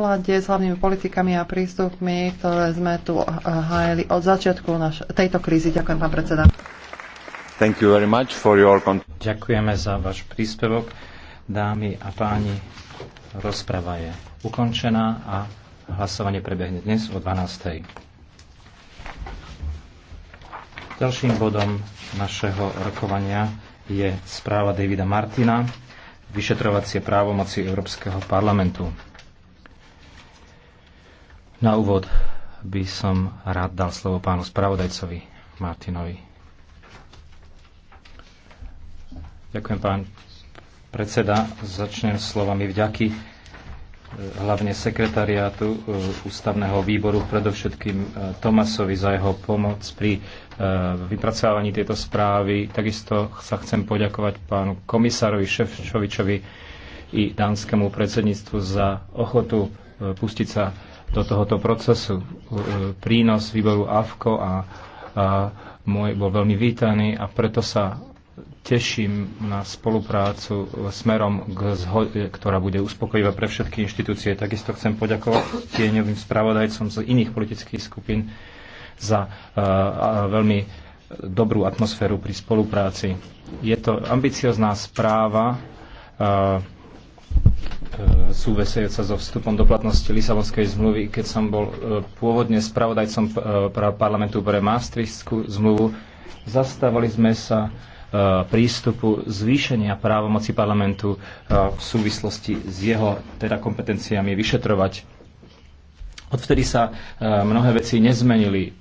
súlade s hlavnými politikami a prístupmi, ktoré sme tu eh, hájili od začiatku naš- tejto krízy. Ďakujem, pán predseda. Thank you very much for your Ďakujeme za váš príspevok. Dámy a páni, rozprava je ukončená a hlasovanie prebehne dnes o 12. Ďalším bodom našeho rokovania je správa Davida Martina vyšetrovacie právomoci Európskeho parlamentu. Na úvod by som rád dal slovo pánu spravodajcovi Martinovi. Ďakujem, pán predseda. Začnem slovami vďaky eh, hlavne sekretariátu eh, ústavného výboru, predovšetkým eh, Tomasovi za jeho pomoc pri vypracovaní tejto správy. Takisto sa chcem poďakovať pánu komisárovi Ševčovičovi i dánskému predsedníctvu za ochotu pustiť sa do tohoto procesu. E, prínos výboru AFKO a, a môj bol veľmi vítaný a preto sa teším na spoluprácu smerom, k zho- ktorá bude uspokojivá pre všetky inštitúcie. Takisto chcem poďakovať tieňovým spravodajcom z iných politických skupín za uh, veľmi dobrú atmosféru pri spolupráci. Je to ambiciozná správa, uh, Eh, súvesejúca so vstupom do platnosti Lisabonskej zmluvy. Keď som bol eh, pôvodne spravodajcom eh, parlamentu pre Maastrichtskú zmluvu, zastávali sme sa prístupu zvýšenia právomoci parlamentu v súvislosti s jeho teda kompetenciami vyšetrovať. Odvtedy sa mnohé veci nezmenili.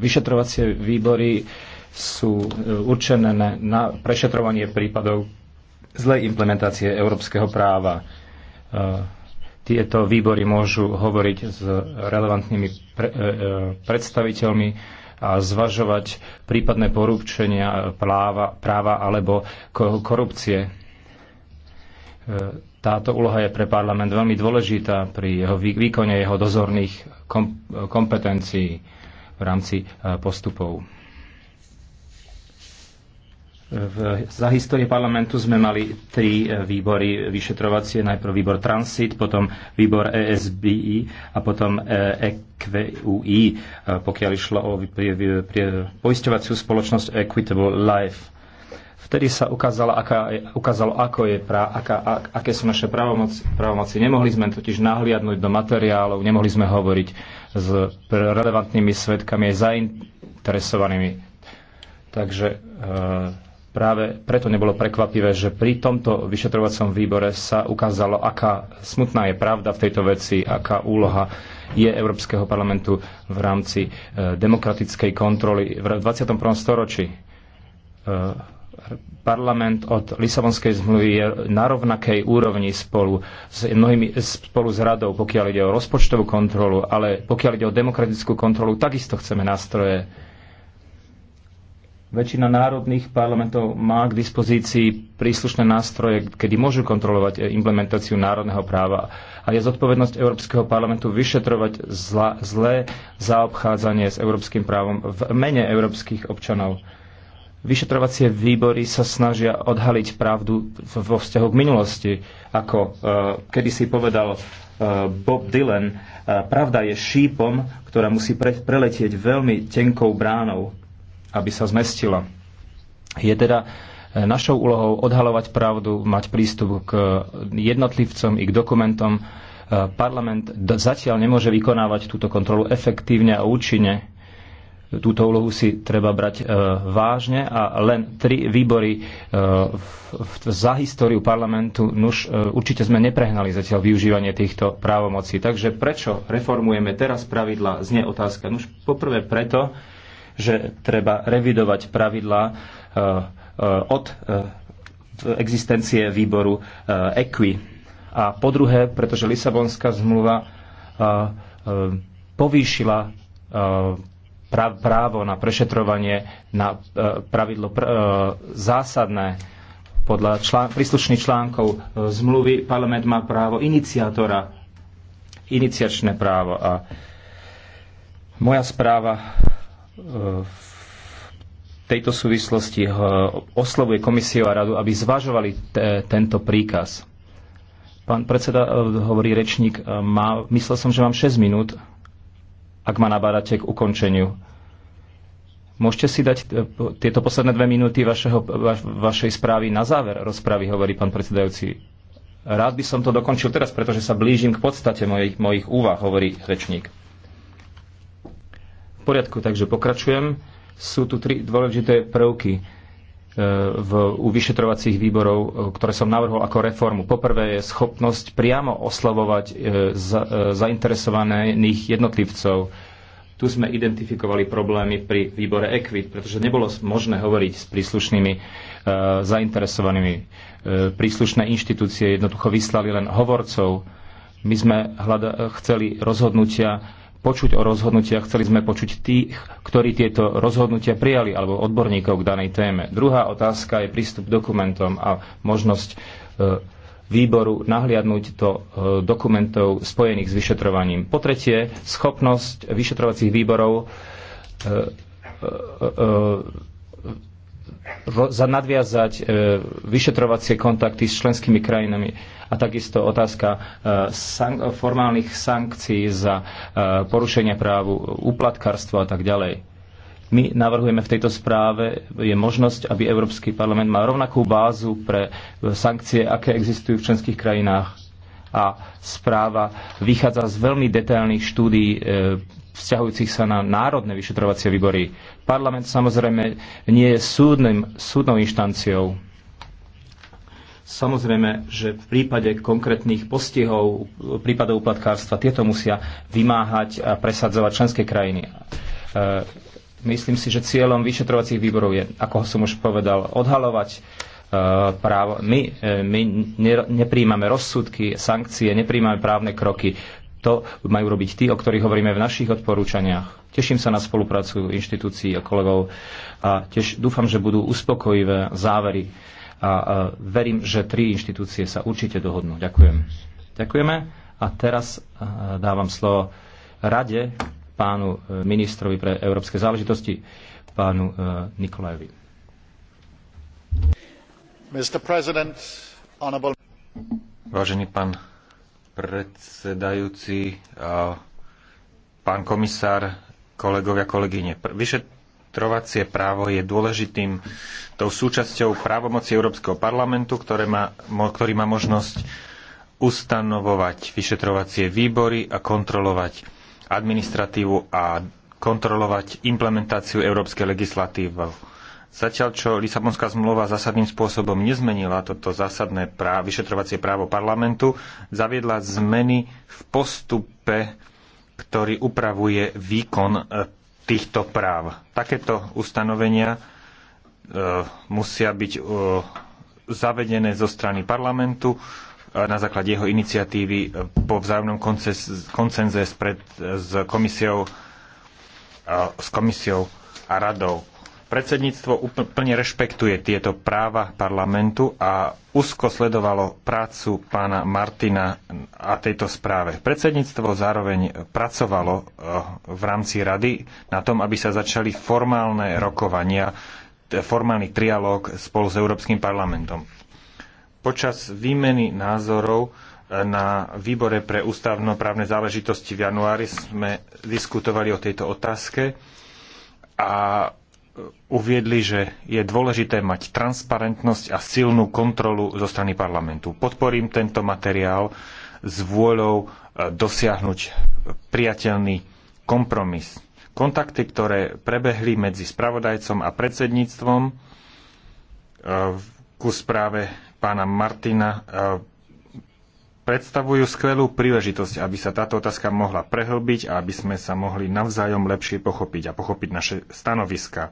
Vyšetrovacie výbory sú určené na prešetrovanie prípadov zlej implementácie európskeho práva. E, tieto výbory môžu hovoriť s relevantnými pre, e, e, predstaviteľmi a zvažovať prípadné porúčenia práva, práva alebo korupcie. Táto úloha je pre parlament veľmi dôležitá pri jeho výkone jeho dozorných kompetencií v rámci postupov. V, za histórie parlamentu sme mali tri e, výbory vyšetrovacie, najprv výbor Transit, potom výbor ESBI a potom EQUI, e e, pokiaľ išlo o poisťovaciu spoločnosť Equitable Life. Vtedy sa ukázalo, aká, ukázalo ako je pra, aká, aké sú naše právomoci, právomoci. Nemohli sme totiž nahliadnúť do materiálov, nemohli sme hovoriť s relevantnými svedkami aj zainteresovanými. Takže e, Práve preto nebolo prekvapivé, že pri tomto vyšetrovacom výbore sa ukázalo, aká smutná je pravda v tejto veci, aká úloha je Európskeho parlamentu v rámci e, demokratickej kontroly v 21. storočí. E, parlament od Lisabonskej zmluvy je na rovnakej úrovni spolu s, mnohými, spolu s radou, pokiaľ ide o rozpočtovú kontrolu, ale pokiaľ ide o demokratickú kontrolu, takisto chceme nástroje Väčšina národných parlamentov má k dispozícii príslušné nástroje, kedy môžu kontrolovať e, implementáciu národného práva. A je zodpovednosť Európskeho parlamentu vyšetrovať zla, zlé zaobchádzanie s európskym právom v mene európskych občanov. Vyšetrovacie výbory sa snažia odhaliť pravdu vo vzťahu k minulosti. Ako uh, kedysi povedal e, Bob Dylan, pravda je šípom, ktorá musí pre- preletieť veľmi tenkou bránou aby sa zmestila. Je teda e, našou úlohou odhalovať pravdu, mať prístup k jednotlivcom i k dokumentom. E, Parlament zatiaľ nemôže vykonávať túto kontrolu efektívne a účinne. Túto úlohu si treba brať e, vážne a len tri výbory e, v, v, za históriu parlamentu, nuž e, určite sme neprehnali zatiaľ využívanie týchto právomocí. Takže prečo reformujeme teraz pravidla, znie otázka. Nuž poprvé preto, že treba revidovať pravidlá e, e, od e, existencie výboru EQUI. A po druhé, pretože Lisabonská zmluva povýšila právo na prešetrovanie na pravidlo zásadné podľa člán, príslušných článkov zmluvy parlament má právo iniciátora, iniciačné právo. A moja správa v tejto súvislosti eh, oslovuje komisiu a radu, aby zvažovali tento príkaz. Pán predseda, eh, hovorí rečník, eh, má, myslel som, že mám 6 minút, ak ma nabádate k ukončeniu. Môžete si dať tieto posledné dve minúty vašeho, va, vašej správy na záver rozpravy, hovorí pán predsedajúci. Rád by som to dokončil teraz, pretože sa blížim k podstate mojich, mojich úvah, hovorí rečník. V poriadku, takže pokračujem. Sú tu tri dôležité prvky e, v, u vyšetrovacích výborov, e, ktoré som navrhol ako reformu. Poprvé je schopnosť priamo oslavovať e, za, zainteresovaných jednotlivcov. Tu sme identifikovali problémy pri výbore Equit, pretože nebolo možné hovoriť s príslušnými uh, zainteresovanými. Uh, príslušné inštitúcie jednoducho vyslali len hovorcov. My sme hľada, chceli rozhodnutia počuť o rozhodnutiach, chceli sme počuť tých, ktorí tieto rozhodnutia prijali, alebo odborníkov k danej téme. Druhá otázka je prístup k dokumentom a možnosť e, výboru nahliadnúť to e, dokumentov spojených s vyšetrovaním. Po tretie, schopnosť vyšetrovacích výborov e, nadviazať vyšetrovacie kontakty s členskými krajinami a takisto otázka e, sank- formálnych sankcií za e, porušenie právu uplatkárstva a tak ďalej. My navrhujeme v tejto správe je možnosť, aby Európsky parlament mal rovnakú bázu pre sankcie, aké existujú v členských krajinách. A správa vychádza z veľmi detailných štúdií e, vzťahujúcich sa na národné vyšetrovacie výbory. Parlament samozrejme nie je súdnym, súdnou inštanciou Samozrejme, že v prípade konkrétnych postihov, prípadov úplatkárstva, tieto musia vymáhať a presadzovať členské krajiny. E, myslím si, že cieľom vyšetrovacích výborov je, ako som už povedal, odhalovať e, právo. My, e, my nepríjmame rozsudky, sankcie, nepríjmame právne kroky. To majú robiť tí, o ktorých hovoríme v našich odporúčaniach. Teším sa na spoluprácu inštitúcií a kolegov a tiež dúfam, že budú uspokojivé závery a e, verím, že tri inštitúcie sa určite dohodnú. Ďakujem. Ďakujeme. A teraz e, dávam slovo rade pánu e, ministrovi pre európske záležitosti, pánu Nikolajovi. Mr. President, honorable... Vážený pán predsedajúci, pán komisár, kolegovia, kolegyne. Vyše vyšetrovacie právo je dôležitým tou súčasťou právomoci Európskeho parlamentu, ktoré má, ktorý má možnosť ustanovovať vyšetrovacie výbory a kontrolovať administratívu a kontrolovať implementáciu európskej legislatívy. Zatiaľ, čo Lisabonská zmluva zásadným spôsobom nezmenila toto zásadné práv, vyšetrovacie právo parlamentu, zaviedla zmeny v postupe, ktorý upravuje výkon e, týchto práv. Takéto ustanovenia e, musia byť e, zavedené zo strany parlamentu e, na základe jeho iniciatívy po vzájomnom koncenze s komisiou, s komisiou a radou. Predsedníctvo úplne rešpektuje tieto práva parlamentu a úzko sledovalo prácu pána Martina a tejto správe. Predsedníctvo zároveň pracovalo eh, v rámci rady na tom, aby sa začali formálne rokovania, formálny trialóg spolu s Európskym parlamentom. Počas výmeny názorov eh, na výbore pre ústavnoprávne záležitosti v januári sme diskutovali o tejto otázke a uviedli, že je dôležité mať transparentnosť a silnú kontrolu zo strany parlamentu. Podporím tento materiál s vôľou e, dosiahnuť priateľný kompromis. Kontakty, ktoré prebehli medzi spravodajcom a predsedníctvom e, ku správe pána Martina e, predstavujú skvelú príležitosť, aby sa táto otázka mohla prehlbiť a aby sme sa mohli navzájom lepšie pochopiť a pochopiť naše stanoviska.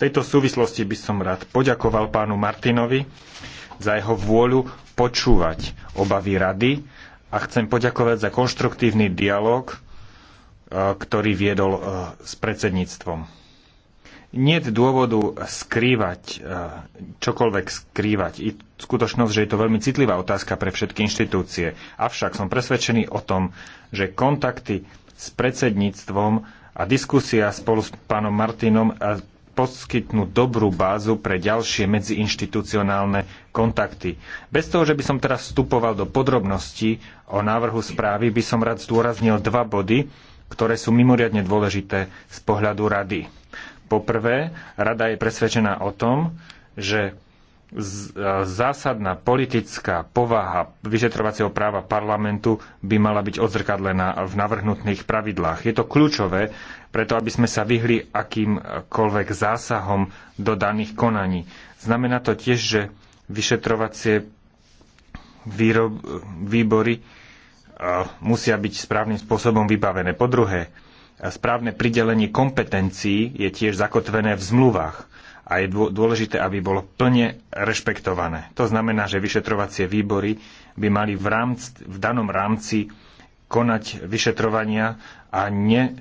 V tejto súvislosti by som rád poďakoval pánu Martinovi za jeho vôľu počúvať obavy rady a chcem poďakovať za konštruktívny dialog, e, ktorý viedol e, s predsedníctvom nie je dôvodu skrývať, e, čokoľvek skrývať. I skutočnosť, že je to veľmi citlivá otázka pre všetky inštitúcie. Avšak som presvedčený o tom, že kontakty s predsedníctvom a diskusia spolu s pánom Martinom e, poskytnú dobrú bázu pre ďalšie medziinštitucionálne kontakty. Bez toho, že by som teraz vstupoval do podrobností o návrhu správy, by som rád zdôraznil dva body, ktoré sú mimoriadne dôležité z pohľadu rady. Poprvé, rada je presvedčená o tom, že zásadná politická povaha vyšetrovacieho práva parlamentu by mala byť odzrkadlená v navrhnutých pravidlách. Je to kľúčové, preto aby sme sa vyhli akýmkoľvek zásahom do daných konaní. Znamená to tiež, že vyšetrovacie výrob, výbory musia byť správnym spôsobom vybavené. Po druhé, správne pridelenie kompetencií je tiež zakotvené v zmluvách a je dôležité, aby bolo plne rešpektované. To znamená, že vyšetrovacie výbory by mali v, rámci, v danom rámci konať vyšetrovania a, ne,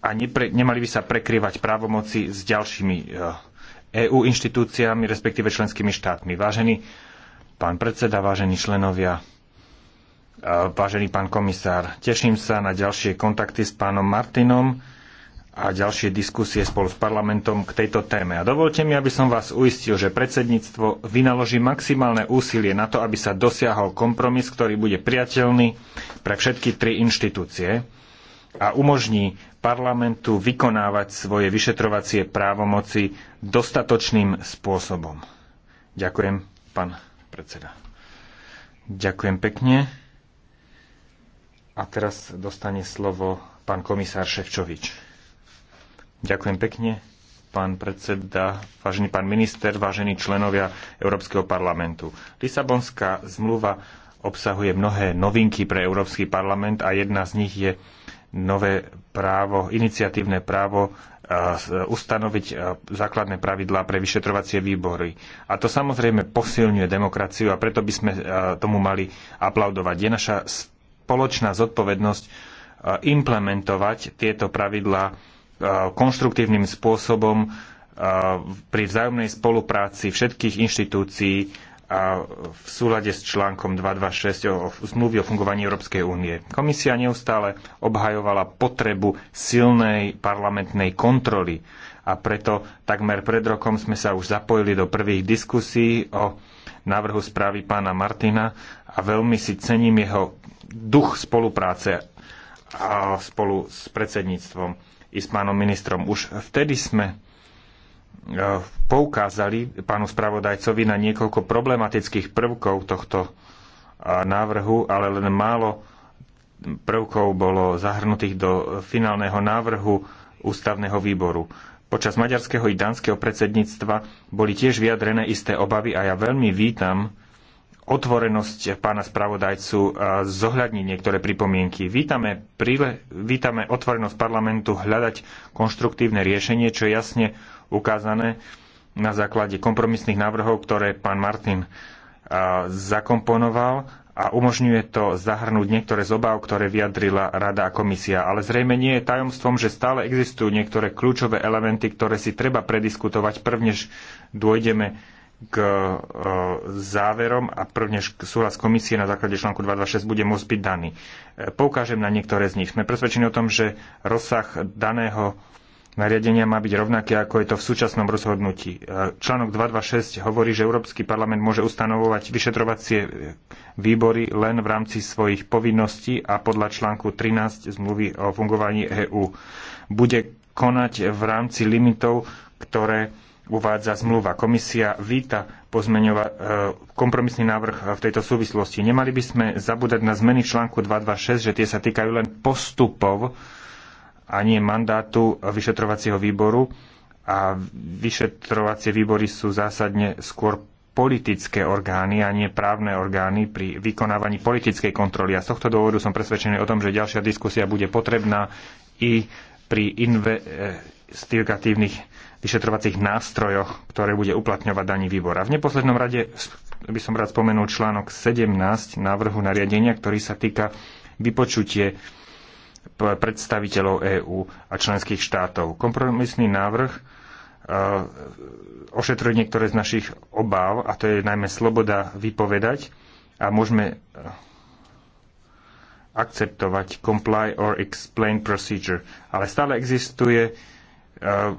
a nepre, nemali by sa prekryvať právomoci s ďalšími EU eh, e inštitúciami, respektíve členskými štátmi. Vážený pán predseda, vážení členovia vážený pán komisár. Teším sa na ďalšie kontakty s pánom Martinom a ďalšie diskusie spolu s parlamentom k tejto téme. A dovolte mi, aby som vás uistil, že predsedníctvo vynaloží maximálne úsilie na to, aby sa dosiahol kompromis, ktorý bude priateľný pre všetky tri inštitúcie a umožní parlamentu vykonávať svoje vyšetrovacie právomoci dostatočným spôsobom. Ďakujem, pán predseda. Ďakujem pekne. A teraz dostane slovo pán komisár Ševčovič. Ďakujem pekne, pán predseda, vážený pán minister, vážení členovia Európskeho parlamentu. Lisabonská zmluva obsahuje mnohé novinky pre Európsky parlament a jedna z nich je nové právo, iniciatívne právo e, e, ustanoviť e, základné pravidlá pre vyšetrovacie výbory. A to samozrejme posilňuje demokraciu a preto by sme tomu mali aplaudovať. Je naša spoločná zodpovednosť e, implementovať tieto pravidlá e, konštruktívnym spôsobom e, pri vzájomnej spolupráci všetkých inštitúcií a v súlade s článkom 226 o zmluvy o fungovaní Európskej únie. Komisia neustále obhajovala potrebu silnej parlamentnej kontroly a preto takmer pred rokom sme sa už zapojili do prvých diskusí o návrhu správy pána Martina a veľmi si cením jeho duch spolupráce a spolu s predsedníctvom i s pánom ministrom. Už vtedy sme e, poukázali pánu spravodajcovi na niekoľko problematických prvkov tohto e, návrhu, ale len málo prvkov bolo zahrnutých do finálneho návrhu ústavného výboru. Počas maďarského i dánskeho predsedníctva boli tiež vyjadrené isté obavy a ja veľmi vítam otvorenosť pána spravodajcu e, zohľadniť niektoré pripomienky. Vítame, príle, vítame otvorenosť parlamentu hľadať konštruktívne riešenie, čo je jasne ukázané na základe kompromisných návrhov, ktoré pán Martin e, zakomponoval a umožňuje to zahrnúť niektoré z obáv, ktoré vyjadrila Rada a komisia. Ale zrejme nie je tajomstvom, že stále existujú niektoré kľúčové elementy, ktoré si treba prediskutovať, prvnež dôjdeme k e, záverom a prvne súhlas komisie na základe článku 226 bude môcť byť daný. E, poukážem na niektoré z nich. Sme presvedčení o tom, že rozsah daného nariadenia má byť rovnaký, ako je to v súčasnom rozhodnutí. E, článok 226 hovorí, že Európsky parlament môže ustanovovať vyšetrovacie výbory len v rámci svojich povinností a podľa článku 13 zmluvy o fungovaní EÚ. Bude konať v rámci limitov, ktoré uvádza zmluva. Komisia víta pozmeňova, e, kompromisný návrh v tejto súvislosti. Nemali by sme zabúdať na zmeny v článku 226, že tie sa týkajú len postupov a nie mandátu vyšetrovacieho výboru. A vyšetrovacie výbory sú zásadne skôr politické orgány a nie právne orgány pri vykonávaní politickej kontroly. A z tohto dôvodu som presvedčený o tom, že ďalšia diskusia bude potrebná i pri investigatívnych vyšetrovacích nástrojoch, ktoré bude uplatňovať daný výbor. A v neposlednom rade by som rád spomenul článok 17 návrhu nariadenia, ktorý sa týka vypočutie predstaviteľov EÚ a členských štátov. Kompromisný návrh e, ošetruje niektoré z našich obáv, a to je najmä sloboda vypovedať, a môžeme akceptovať comply or explain procedure. Ale stále existuje e,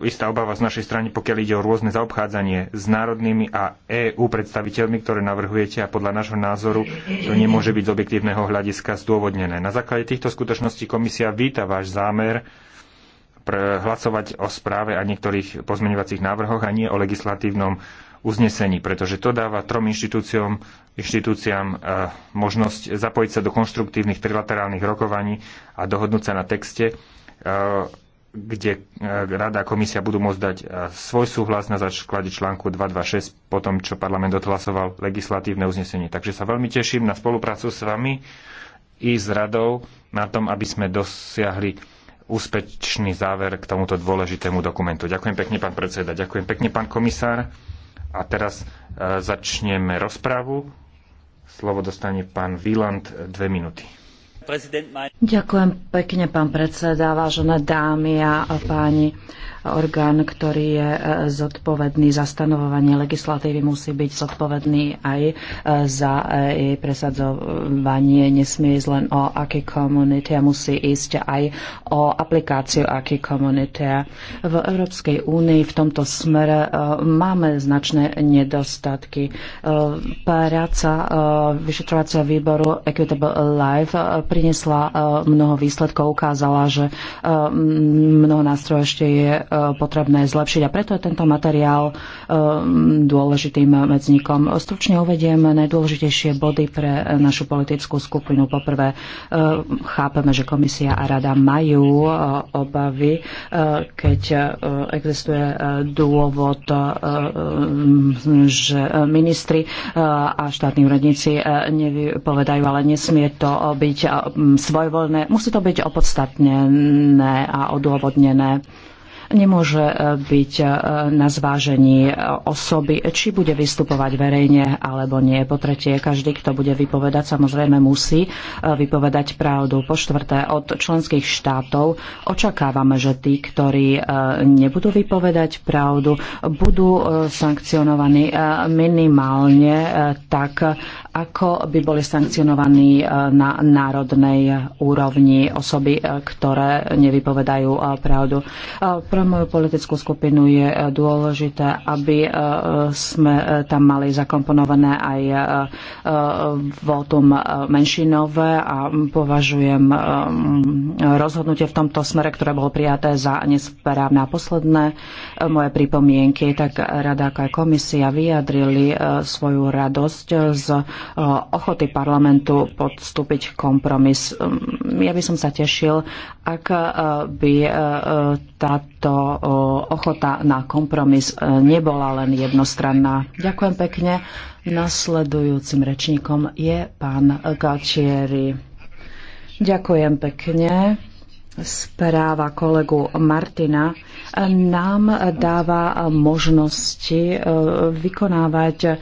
istá obava z našej strany, pokiaľ ide o rôzne zaobchádzanie s národnými a EÚ predstaviteľmi, ktoré navrhujete a podľa nášho názoru to nemôže byť z objektívneho hľadiska zdôvodnené. Na základe týchto skutočností komisia víta váš zámer hlasovať o správe a niektorých pozmeňovacích návrhoch a nie o legislatívnom uznesení, pretože to dáva trom inštitúciám, inštitúciám e, možnosť zapojiť sa do konštruktívnych trilaterálnych rokovaní a dohodnúť sa na texte, e, kde e, Rada a komisia budú môcť dať svoj súhlas na základe článku 226 po tom, čo parlament odhlasoval legislatívne uznesenie. Takže sa veľmi teším na spoluprácu s vami i s Radou na tom, aby sme dosiahli úspečný záver k tomuto dôležitému dokumentu. Ďakujem pekne, pán predseda. Ďakujem pekne, pán komisár. A teraz e, začneme rozprávu. Slovo dostane pán Wieland, dve minúty. Ďakujem pekne, pán predseda, vážené dámy a páni orgán, ktorý je e, zodpovedný za stanovovanie legislatívy, musí byť zodpovedný aj e, za e, jej presadzovanie. Nesmie ísť len o aký komunity a musí ísť aj o aplikáciu aký komunity. V Európskej únii v tomto smere máme značné nedostatky. Práca vyšetrovacieho výboru Equitable Life priniesla mnoho výsledkov, ukázala, že mnoho nástrojov ešte je potrebné zlepšiť. A preto je tento materiál um, dôležitým medzníkom. Stručne uvediem najdôležitejšie body pre našu politickú skupinu. Poprvé, um, chápeme, že komisia a rada majú uh, obavy, uh, keď uh, existuje dôvod, um, že ministri a štátni úradníci nevypovedajú, ale nesmie to byť svojvoľné. Musí to byť opodstatnené a odôvodnené nemôže e, byť e, na zvážení e, osoby, či bude vystupovať verejne alebo nie. Po tretie, každý, kto bude vypovedať, samozrejme musí vypovedať pravdu. Po štvrté, od členských štátov očakávame, že tí, ktorí nebudú vypovedať pravdu, budú sankcionovaní minimálne tak, ako by boli sankcionovaní na národnej úrovni osoby, ktoré nevypovedajú pravdu. Pre moju politickú skupinu je e, dôležité, aby e, sme e, tam mali zakomponované aj votum menšinové a považujem rozhodnutie v tomto smere, ktoré bolo prijaté za nesprávne a posledné. Moje pripomienky, tak rada ako aj komisia vyjadrili svoju radosť z ochoty parlamentu podstúpiť kompromis. Ja by som sa tešil, ak by táto preto ochota na kompromis e, nebola len jednostranná. Ďakujem pekne. Nasledujúcim rečníkom je pán Galtieri. Ďakujem pekne. Správa kolegu Martina nám dáva možnosti e, vykonávať e,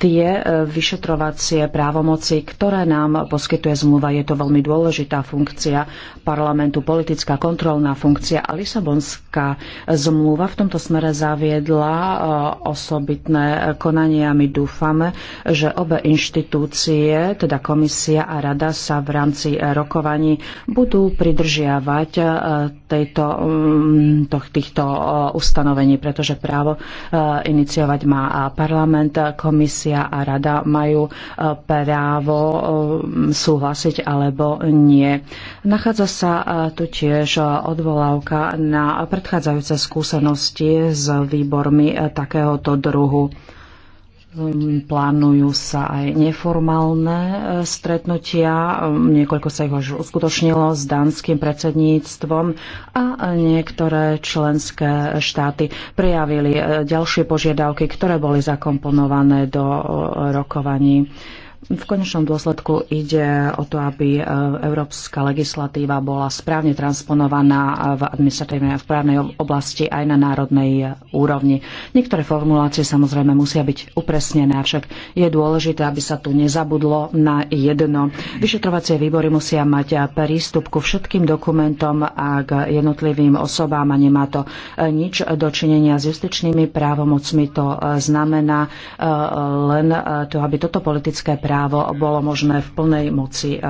tie e, vyšetrovacie právomoci, ktoré nám poskytuje zmluva. Je to veľmi dôležitá funkcia parlamentu, politická kontrolná funkcia a Lisabonská zmluva v tomto smere zaviedla e, osobitné konania. My dúfame, že obe inštitúcie, teda komisia a rada sa v rámci rokovaní budú pridržiavať e, tejto, mm, týchto ustanovení, pretože právo iniciovať má parlament, komisia komisia a rada majú e, právo e, súhlasiť alebo nie. Nachádza sa e, tu tiež odvolávka na predchádzajúce skúsenosti s výbormi takéhoto druhu. Plánujú sa aj neformálne e, stretnutia, niekoľko sa ich už uskutočnilo s dánskym predsedníctvom a niektoré členské štáty prijavili e, ďalšie požiadavky, ktoré boli zakomponované do e, rokovaní. V konečnom dôsledku ide o to, aby e, európska legislatíva bola správne transponovaná v administratívnej a v právnej oblasti aj na národnej e, úrovni. Niektoré formulácie samozrejme musia byť upresnené, avšak je dôležité, aby sa tu nezabudlo na jedno. Vyšetrovacie výbory musia mať e, prístup ku všetkým dokumentom a k jednotlivým osobám a nemá to nič dočinenia s justičnými právomocmi. To znamená len to, aby toto politické právo bolo možné v plnej moci e, e,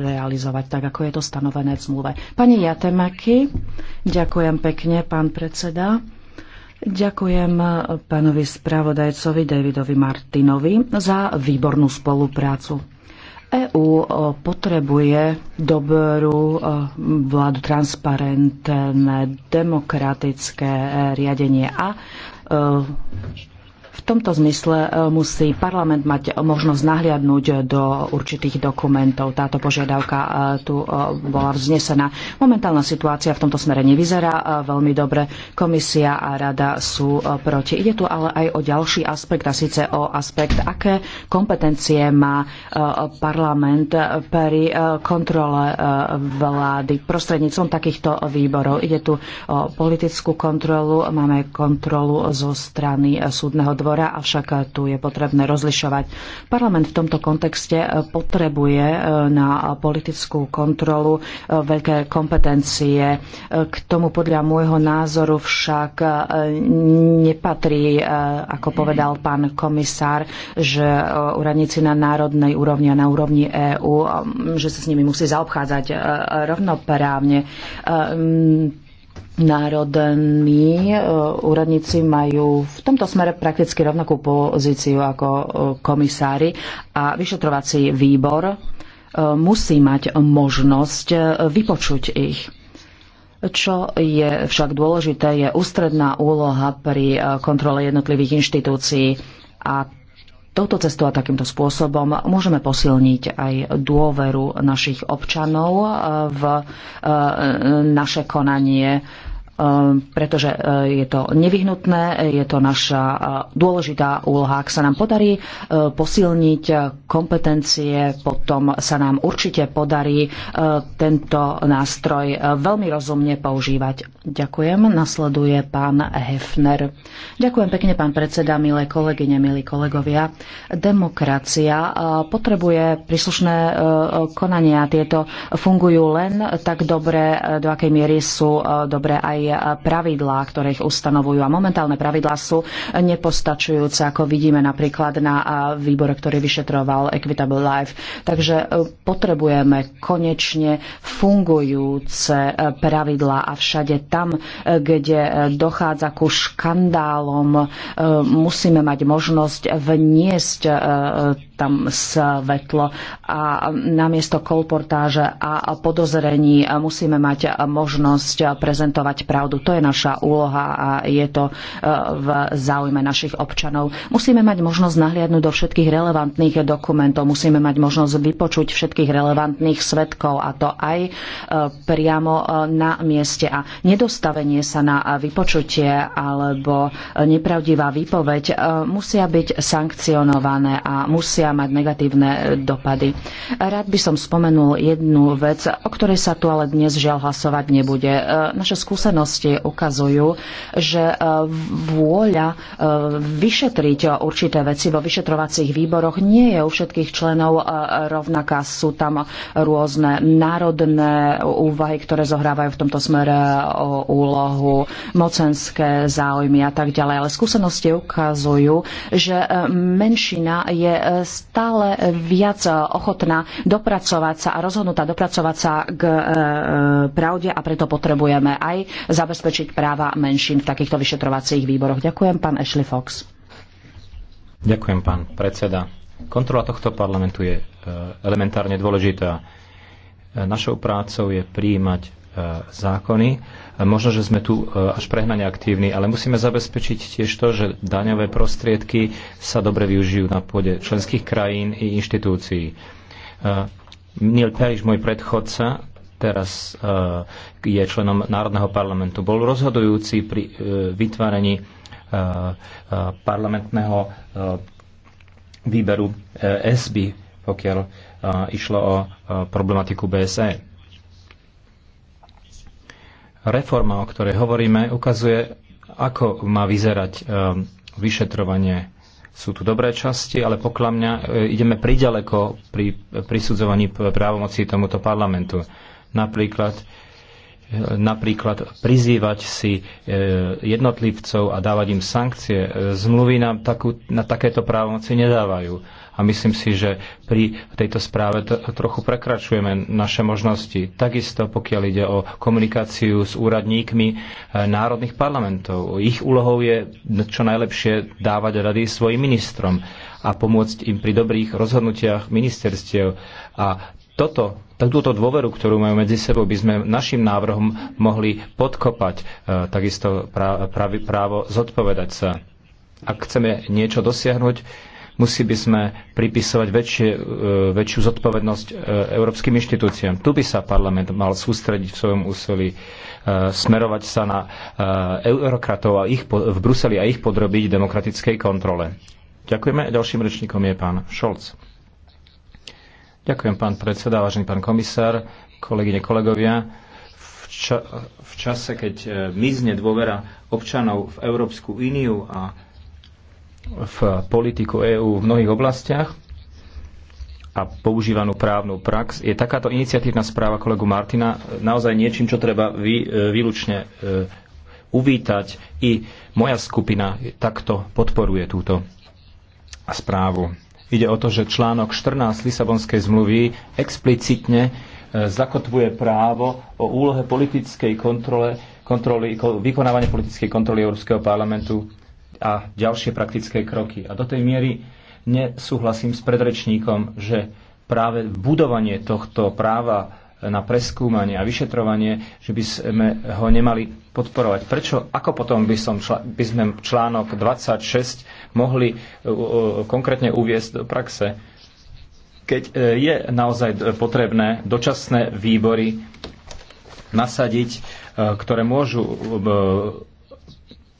realizovať, tak ako je to stanovené v zmluve. Pani Jatemaki, ďakujem pekne, pán predseda. Ďakujem e, pánovi spravodajcovi Davidovi Martinovi za výbornú spoluprácu. EÚ potrebuje dobrú vládu, transparentné, demokratické riadenie a tomto zmysle e, musí parlament mať možnosť nahliadnúť do určitých dokumentov. Táto požiadavka e, tu e, bola vznesená. Momentálna situácia v tomto smere nevyzerá veľmi dobre. Komisia a rada sú proti. Ide tu ale aj o ďalší aspekt, a síce o aspekt, aké kompetencie má parlament pri kontrole vlády prostrednícom takýchto výborov. Ide tu o politickú kontrolu, máme kontrolu zo strany súdneho dvora fóra, avšak eh, tu je potrebné rozlišovať. Parlament v tomto kontexte eh, potrebuje eh, na politickú kontrolu veľké kompetencie. K tomu podľa môjho názoru však nepatrí, ako povedal pán komisár, že úradníci na národnej úrovni a na úrovni EÚ, že sa s nimi musí zaobchádzať rovnoprávne národní eh, úradníci majú v tomto smere prakticky rovnakú pozíciu ako eh, komisári a vyšetrovací výbor eh, musí mať možnosť vypočuť ich. Čo je však dôležité, je ústredná úloha pri kontrole jednotlivých inštitúcií a touto cestou a takýmto spôsobom môžeme posilniť aj dôveru našich občanov eh, v eh, naše konanie Ehm, pretože eh, je to nevyhnutné, je to naša eh, dôležitá úloha. Ak sa nám podarí eh, posilniť kompetencie, potom sa nám určite podarí tento nástroj veľmi rozumne používať. Ďakujem. Nasleduje pán Hefner. Ďakujem pekne, pán predseda, milé kolegyne, milí kolegovia. Demokracia potrebuje príslušné konania. Tieto fungujú len tak dobre, do akej miery sú dobre aj aj pravidlá, ktoré ich ustanovujú. A momentálne pravidlá sú nepostačujúce, ako vidíme napríklad na výbore, ktorý vyšetroval Equitable Life. Takže e, potrebujeme konečne fungujúce e, pravidlá a všade tam, e, kde dochádza ku škandálom, musíme mať možnosť vniesť tam svetlo a namiesto kolportáže a podozrení musíme mať možnosť prezentovať pravidlá pravdu. To je naša úloha a je to e, v záujme našich občanov. Musíme mať možnosť nahliadnúť do všetkých relevantných dokumentov, musíme mať možnosť vypočuť všetkých relevantných svetkov a to aj e, priamo e, na mieste. A nedostavenie sa na vypočutie alebo nepravdivá výpoveď musia byť sankcionované a musia mať negatívne dopady. Rád by som spomenul jednu vec, o ktorej sa tu ale dnes žiaľ hlasovať nebude. Naša skúsenosť skúsenosti ukazujú, že e, vôľa e, vyšetriť určité veci vo vyšetrovacích výboroch nie je u všetkých členov e, rovnaká. Sú tam rôzne národné úvahy, ktoré zohrávajú v tomto smere úlohu, mocenské záujmy a tak ďalej. Ale skúsenosti ukazujú, že menšina je stále viac ochotná dopracovať sa a rozhodnutá dopracovať sa k pravde a preto potrebujeme aj zabezpečiť práva menšín v takýchto vyšetrovacích výboroch. Ďakujem, pán Ashley Fox. Ďakujem, pán predseda. Kontrola tohto parlamentu je e, elementárne dôležitá. E, našou prácou je prijímať e, zákony. Možno, že sme tu až prehnane aktívni, ale musíme zabezpečiť tiež to, že daňové prostriedky sa dobre využijú na pôde členských krajín i inštitúcií. Neil Parrish, môj predchodca, teraz eh, je členom Národného parlamentu, bol rozhodujúci pri eh, vytváraní eh, parlamentného výberu SB, pokiaľ išlo o problematiku BSE. Reforma, o ktorej hovoríme, ukazuje, ako má vyzerať vyšetrovanie sú tu dobré časti, ale pokľa mňa ideme pridaleko pri prisudzovaní právomocí tomuto parlamentu napríklad napríklad prizývať si e, jednotlivcov a dávať im sankcie. E, zmluvy nám takú, na takéto právomoci nedávajú. A myslím si, že pri tejto správe trochu prekračujeme naše možnosti. Takisto pokiaľ ide o komunikáciu s úradníkmi e, národných parlamentov. Ich úlohou je čo najlepšie dávať rady svojim ministrom a pomôcť im pri dobrých rozhodnutiach ministerstiev. A toto, túto dôveru, ktorú majú medzi sebou, by sme našim návrhom mohli podkopať, e, takisto právo zodpovedať sa. Ak chceme niečo dosiahnuť, musí by sme pripisovať väčšie, e, väčšiu zodpovednosť e, európskym inštitúciám. Tu by sa parlament mal sústrediť v svojom úsilí, smerovať sa na eurokratov a ich, v Bruseli a ich podrobiť demokratickej kontrole. Ďakujeme. Ďalším rečníkom je pán Šolc. Ďakujem, pán predseda, vážený pán komisár, kolegyne, kolegovia. V, ča- v čase, keď e, mizne dôvera občanov v Európsku úniu a v politiku EÚ v mnohých oblastiach a používanú právnu prax, je takáto iniciatívna správa kolegu Martina naozaj niečím, čo treba vy, e, výlučne e, uvítať. I moja skupina takto podporuje túto správu Ide o to, že článok 14 Lisabonskej zmluvy explicitne e, zakotvuje právo o úlohe politickej kontrole, kontroly, vykonávanie politickej kontroly Európskeho parlamentu a ďalšie praktické kroky. A do tej miery nesúhlasím s predrečníkom, že práve budovanie tohto práva na preskúmanie a vyšetrovanie, že by sme ho nemali podporovať. Prečo, ako potom by, som, by sme článok 26 mohli e, e, konkrétne uviezť do praxe, keď e, je naozaj potrebné dočasné výbory nasadiť, ktoré môžu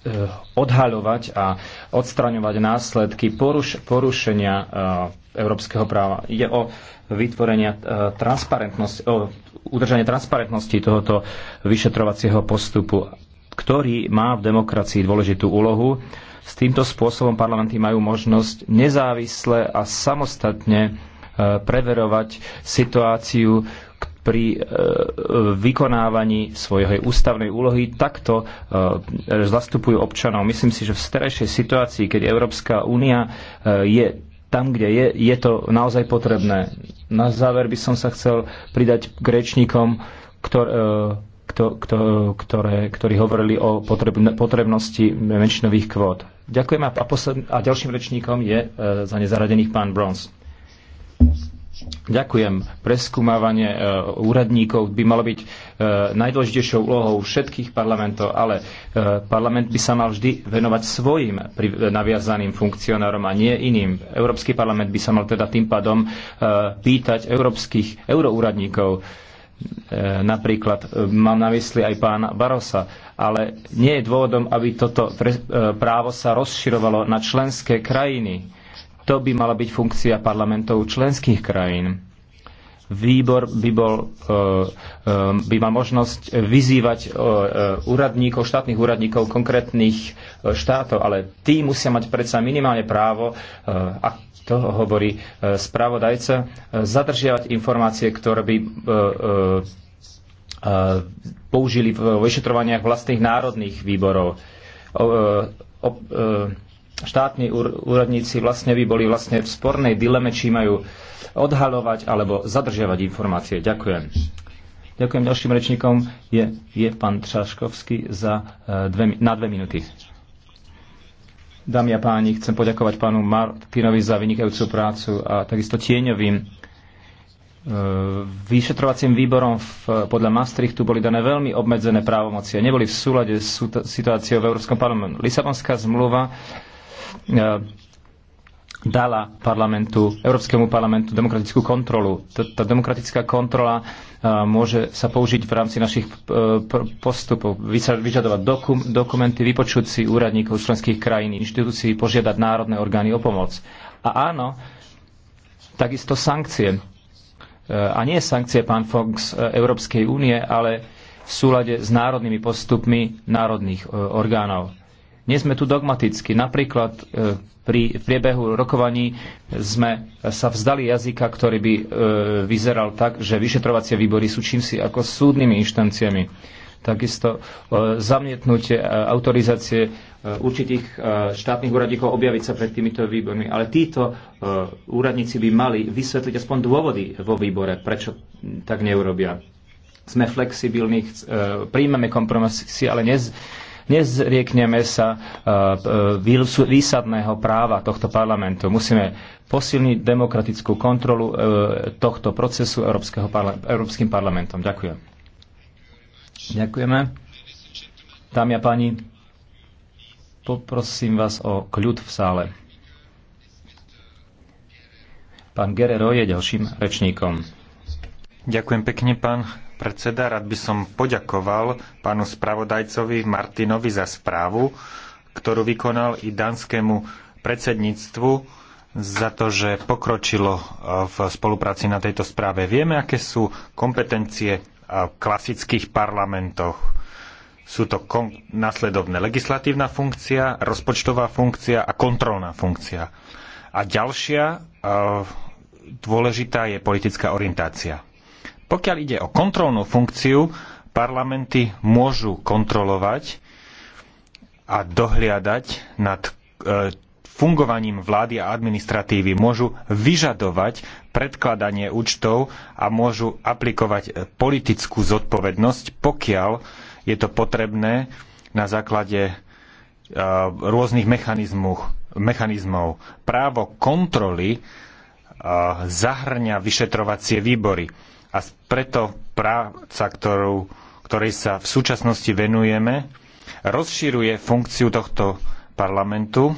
Eh, odhaľovať a odstraňovať následky poruš- porušenia eh, európskeho práva. Ide o vytvorenie eh, transparentnosti, o udržanie transparentnosti tohoto vyšetrovacieho postupu, ktorý má v demokracii dôležitú úlohu. S týmto spôsobom parlamenty majú možnosť nezávisle a samostatne preverovať situáciu, pri e, vykonávaní svojej ústavnej úlohy takto e, zastupujú občanov. Myslím si, že v starejšej situácii, keď Európska únia e, je tam, kde je, je to naozaj potrebné. Na záver by som sa chcel pridať k rečníkom, ktor, kto, kto, ktoré, ktorí hovorili o potrebne, potrebnosti menšinových kvót. Ďakujem a, posled, a ďalším rečníkom je za nezaradených pán Bronze. Ďakujem. Preskúmávanie e, úradníkov by malo byť e, najdôležitejšou úlohou všetkých parlamentov, ale e, parlament by sa mal vždy venovať svojim naviazaným funkcionárom a nie iným. Európsky parlament by sa mal teda tým pádom pýtať európskych euroúradníkov, napríklad mám na mysli aj pána Barosa, ale nie je dôvodom, aby toto právo sa rozširovalo na členské krajiny to by mala byť funkcia parlamentov členských krajín. Výbor by, bol, e, e, by mal možnosť vyzývať e, úradníkov, štátnych úradníkov konkrétnych štátov, ale tí musia mať predsa minimálne právo, a to hovorí spravodajca, zadržiavať informácie, ktoré by použili v vyšetrovaniach vlastných národných výborov. O, o, o, štátni úradníci vlastne by boli vlastne v spornej dileme, či majú odhalovať alebo zadržiavať informácie. Ďakujem. Ďakujem ďalším rečníkom. Je, je pán Třaškovský za, e, dve, na dve minúty. Dámy a páni, chcem poďakovať pánu Martinovi za vynikajúcu prácu a takisto tieňovým e, vyšetrovacím výborom v, podľa Maastrichtu boli dané veľmi obmedzené právomoci a neboli v súlade s situáciou v Európskom parlamentu. Lisabonská zmluva E, dala parlamentu, Európskemu parlamentu demokratickú kontrolu. Tá demokratická kontrola e, môže sa použiť v rámci našich e, postupov, vyžadovať dokum, dokumenty, vypočuť si úradníkov členských krajín, inštitúcií, požiadať národné orgány o pomoc. A áno, takisto sankcie. A nie sankcie, pán Fox, Európskej únie, ale v súlade s národnými postupmi národných orgánov. Nie sme tu dogmaticky. Napríklad e, pri priebehu rokovaní sme sa vzdali jazyka, ktorý by e, vyzeral tak, že vyšetrovacie výbory sú čímsi ako súdnymi inštanciami. Takisto e, zamietnutie autorizácie určitých štátnych úradníkov objaviť sa pred týmito výbormi. Ale títo úradníci by mali vysvetliť aspoň dôvody vo výbore, prečo tak neurobia. Sme flexibilní, príjmeme kompromisy, ale nez, Nezriekneme sa e, e, výsadného práva tohto parlamentu. Musíme posilniť demokratickú kontrolu e, tohto procesu Európskym parlamentom. Ďakujem. Ďakujeme. Dámy a páni, poprosím vás o kľud v sále. Pán Guerrero je ďalším rečníkom. Ďakujem pekne, pán predseda. Rád by som poďakoval pánu spravodajcovi Martinovi za správu, ktorú vykonal i danskému predsedníctvu za to, že pokročilo e, v spolupráci na tejto správe. Vieme, aké sú kompetencie e, v klasických parlamentoch. Sú to nasledovné legislatívna funkcia, rozpočtová funkcia a kontrolná funkcia. A ďalšia e, dôležitá je politická orientácia. Pokiaľ ide o kontrolnú funkciu, parlamenty môžu kontrolovať a dohliadať nad e, fungovaním vlády a administratívy, môžu vyžadovať predkladanie účtov a môžu aplikovať e, politickú zodpovednosť, pokiaľ je to potrebné na základe e, rôznych mechanizmov. Právo kontroly zahŕňa zahrňa vyšetrovacie výbory a preto práca, ktorú, ktorej sa v súčasnosti venujeme, rozširuje funkciu tohto parlamentu,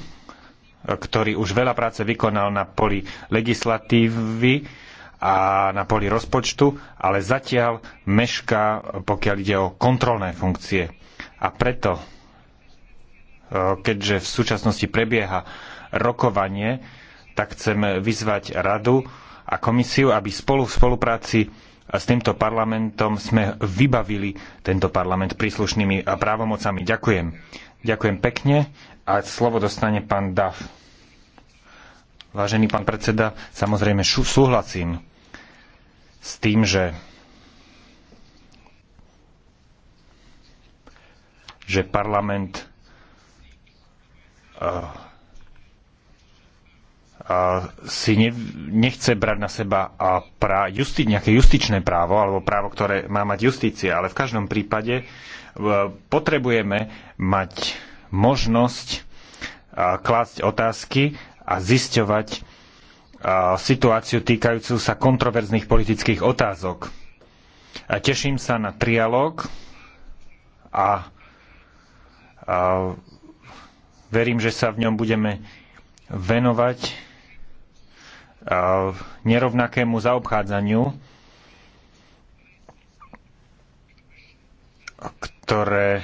ktorý už veľa práce vykonal na poli legislatívy a na poli rozpočtu, ale zatiaľ mešká, pokiaľ ide o kontrolné funkcie. A preto, e, keďže v súčasnosti prebieha rokovanie, tak chcem vyzvať radu a komisiu, aby spolu v spolupráci a s týmto parlamentom sme vybavili tento parlament príslušnými právomocami. Ďakujem. Ďakujem pekne a slovo dostane pán Dav. Vážený pán predseda, samozrejme súhlasím s tým, že že parlament uh, si ne, nechce brať na seba pra, justi, nejaké justičné právo alebo právo, ktoré má mať justícia, ale v každom prípade e, potrebujeme mať možnosť e, klásť otázky a zisťovať e, situáciu týkajúcu sa kontroverzných politických otázok. A teším sa na trialóg a, a verím, že sa v ňom budeme venovať nerovnakému zaobchádzaniu, ktoré,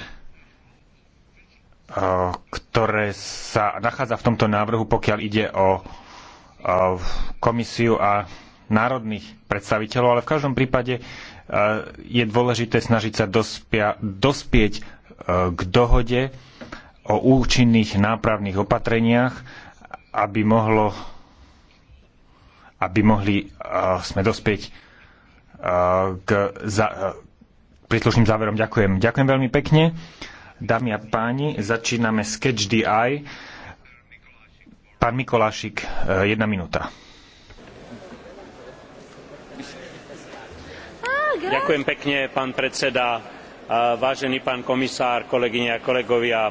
ktoré sa nachádza v tomto návrhu, pokiaľ ide o komisiu a národných predstaviteľov, ale v každom prípade je dôležité snažiť sa dospia, dospieť k dohode o účinných nápravných opatreniach, aby mohlo aby mohli uh, sme dospieť uh, k za, uh, príslušným záverom. Ďakujem. Ďakujem veľmi pekne. Dámy a páni, začíname Sketch DI. Pán Mikolášik, uh, jedna minúta. Ďakujem pekne, pán predseda, uh, vážený pán komisár, kolegyne a kolegovia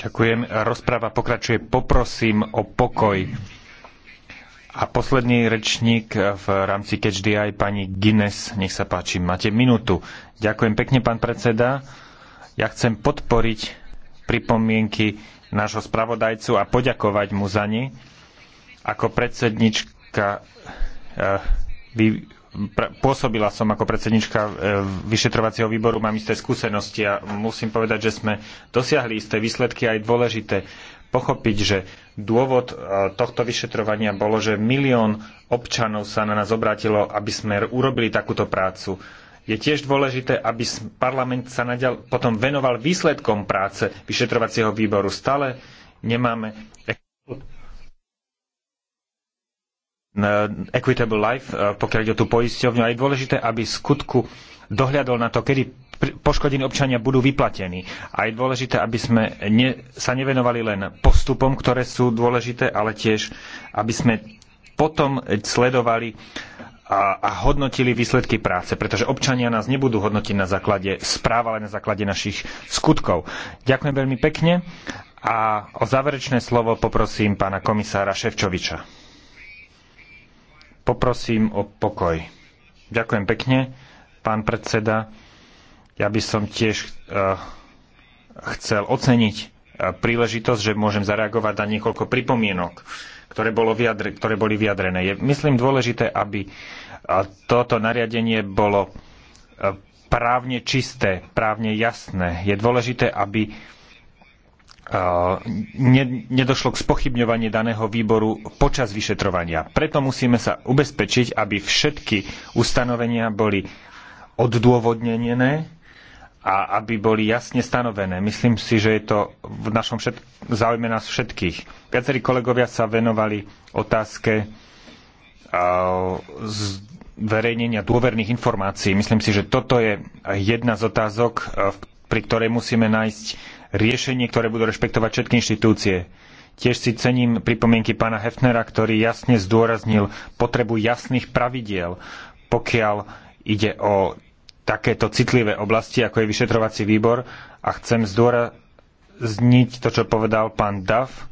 Ďakujem. Rozpráva pokračuje. Poprosím o pokoj. A posledný rečník v rámci Catch the Eye, pani Guinness, nech sa páči, máte minútu. Ďakujem pekne, pán predseda. Ja chcem podporiť pripomienky nášho spravodajcu a poďakovať mu za ne. Ako predsednička eh, pôsobila som ako predsednička e, vyšetrovacieho výboru, mám isté skúsenosti a musím povedať, že sme dosiahli isté výsledky aj dôležité pochopiť, že dôvod e, tohto vyšetrovania bolo, že milión občanov sa na nás obrátilo, aby sme urobili takúto prácu. Je tiež dôležité, aby parlament sa naďal, potom venoval výsledkom práce vyšetrovacieho výboru. Stále nemáme Equitable Life, e, pokiaľ ide o tú poisťovňu, a je dôležité, aby skutku dohľadol na to, kedy poškodení občania budú vyplatení. A je dôležité, aby sme ne, sa nevenovali len postupom, ktoré sú dôležité, ale tiež, aby sme potom sledovali a, a hodnotili výsledky práce, pretože občania nás nebudú hodnotiť na základe správ, ale na základe našich skutkov. Ďakujem veľmi pekne a o záverečné slovo poprosím pána komisára Ševčoviča poprosím o pokoj. Ďakujem pekne, pán predseda. Ja by som tiež uh, chcel oceniť uh, príležitosť, že môžem zareagovať na niekoľko pripomienok, ktoré, bolo vyjadre, ktoré boli vyjadrené. Je, myslím, dôležité, aby uh, toto nariadenie bolo uh, právne čisté, právne jasné. Je dôležité, aby uh, nedošlo k spochybňovaniu daného výboru počas vyšetrovania. Preto musíme sa ubezpečiť, aby všetky ustanovenia boli odôvodnené a aby boli jasne stanovené. Myslím si, že je to v našom všet- záujme nás všetkých. Viacerí kolegovia sa venovali otázke zverejnenia dôverných informácií. Myslím si, že toto je jedna z otázok, pri ktorej musíme nájsť riešenie, ktoré budú rešpektovať všetky inštitúcie. Tiež si cením pripomienky pána Hefnera, ktorý jasne zdôraznil potrebu jasných pravidiel, pokiaľ ide o takéto citlivé oblasti, ako je vyšetrovací výbor. A chcem zdôrazniť to, čo povedal pán Duff,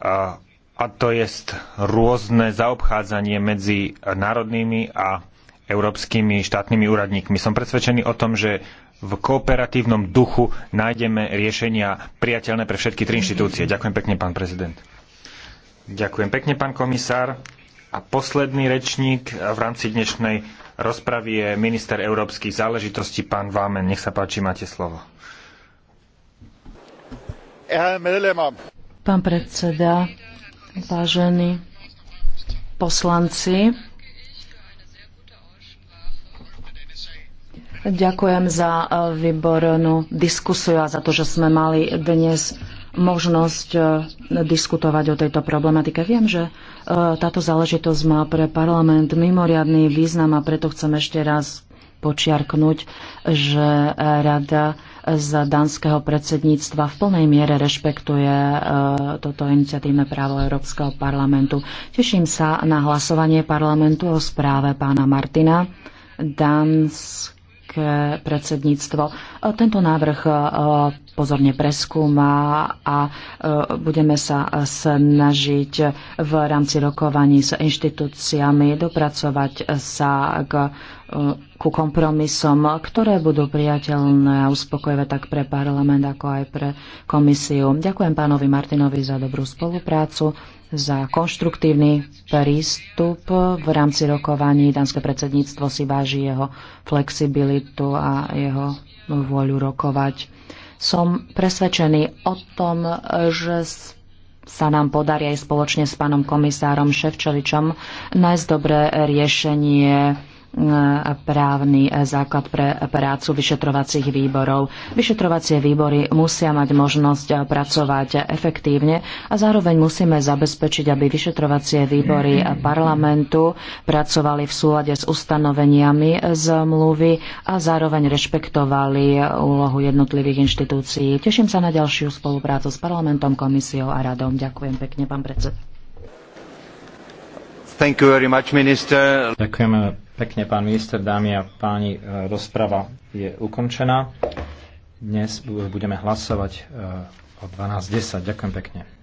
a, a to je rôzne zaobchádzanie medzi národnými a európskymi štátnymi úradníkmi. Som presvedčený o tom, že v kooperatívnom duchu nájdeme riešenia priateľné pre všetky tri inštitúcie. Ďakujem pekne, pán prezident. Ďakujem pekne, pán komisár. A posledný rečník v rámci dnešnej rozpravy je minister európskych záležitostí, pán Vámen. Nech sa páči, máte slovo. Pán predseda, vážení poslanci, Ďakujem za e, výbornú diskusiu a za to, že sme mali dnes možnosť e, diskutovať o tejto problematike. Viem, že e, táto záležitosť má pre parlament mimoriadný význam a preto chcem ešte raz počiarknúť, že rada z danského predsedníctva v plnej miere rešpektuje toto iniciatívne právo Európskeho parlamentu. Teším sa na hlasovanie parlamentu o správe pána Martina. Dansk Maďarské predsedníctvo tento návrh e, pozorne preskúma a e, budeme sa snažiť v rámci rokovaní s inštitúciami dopracovať sa k e, ku kompromisom, ktoré budú priateľné a uspokojivé tak pre parlament, ako aj pre komisiu. Ďakujem pánovi Martinovi za dobrú spoluprácu za konštruktívny prístup v rámci rokovaní. Dánske predsedníctvo si váži jeho flexibilitu a jeho vôľu rokovať. Som presvedčený o tom, že sa nám podarí aj spoločne s pánom komisárom Ševčovičom nájsť dobré riešenie právny základ pre prácu vyšetrovacích výborov. Vyšetrovacie výbory musia mať možnosť pracovať efektívne a zároveň musíme zabezpečiť, aby vyšetrovacie výbory parlamentu pracovali v súlade s ustanoveniami zmluvy a zároveň rešpektovali úlohu jednotlivých inštitúcií. Teším sa na ďalšiu spoluprácu s parlamentom, komisiou a radom. Ďakujem pekne, pán predseda. Much, Ďakujeme pekne, pán minister, dámy a páni. E, rozprava je ukončená. Dnes budeme hlasovať e, o 12.10. Ďakujem pekne.